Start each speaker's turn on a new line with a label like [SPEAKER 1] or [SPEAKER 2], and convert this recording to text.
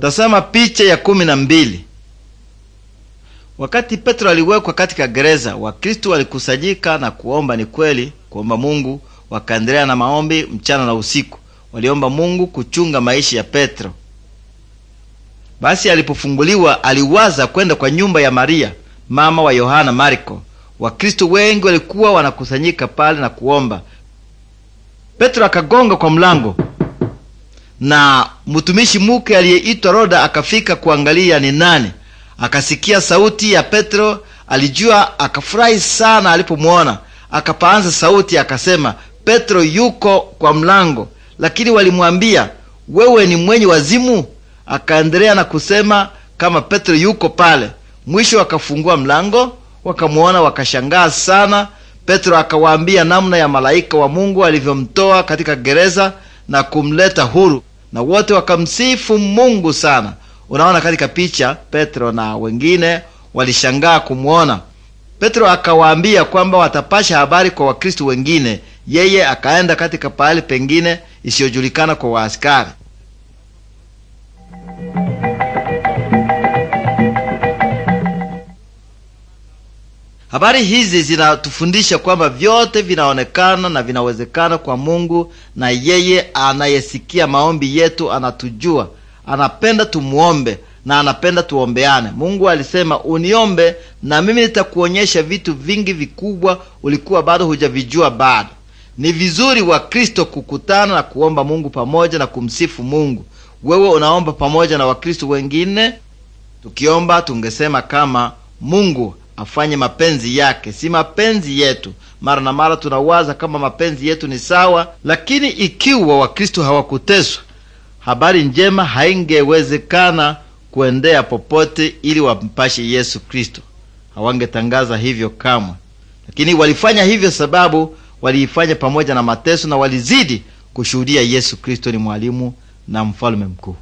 [SPEAKER 1] Tasema picha ya kumi na mbili. Wakati Petro aliwekwa katika gereza, Wakristo walikusanyika na kuomba. Ni kweli kuomba Mungu, wakaendelea na maombi mchana na usiku. Waliomba Mungu kuchunga maisha ya Petro. Basi alipofunguliwa, aliwaza kwenda kwa nyumba ya Maria, mama wa Yohana Marko. Wakristo wengi walikuwa wanakusanyika pale na kuomba. Petro akagonga kwa mlango na mtumishi muke aliyeitwa Roda akafika kuangalia ni nani. Akasikia sauti ya Petro, alijua, akafurahi sana alipomuona. Akapaanza sauti akasema, Petro yuko kwa mlango. Lakini walimwambia, wewe ni mwenye wazimu? Akaendelea na kusema kama Petro yuko pale. Mwisho akafungua mlango, wakamuona, wakashangaa sana. Petro akawaambia namna ya malaika wa Mungu alivyomtoa katika gereza na kumleta huru na wote wakamsifu Mungu sana. Unaona katika picha, Petro na wengine walishangaa kumwona Petro. Akawaambia kwamba watapasha habari kwa Wakristo wengine, yeye akaenda katika pahali pengine isiyojulikana kwa waaskari. Habari hizi zinatufundisha kwamba vyote vinaonekana na vinawezekana kwa Mungu, na yeye anayesikia maombi yetu anatujua, anapenda tumwombe na anapenda tuombeane. Mungu alisema, uniombe na mimi nitakuonyesha vitu vingi vikubwa ulikuwa bado hujavijua. Bado ni vizuri Kristo kukutana na kuomba Mungu pamoja na kumsifu Mungu. Wewe unaomba pamoja na Wakristo wengine? Tukiomba tungesema kama Mungu afanye mapenzi yake, si mapenzi yetu. Mara na mara tunawaza kama mapenzi yetu ni sawa, lakini ikiwa Wakristo hawakuteswa, habari njema haingewezekana kuendea popote ili wampashe Yesu Kristo. Hawangetangaza hivyo kamwe, lakini walifanya hivyo sababu waliifanya pamoja na mateso, na walizidi kushuhudia Yesu Kristo ni mwalimu na mfalme mkuu.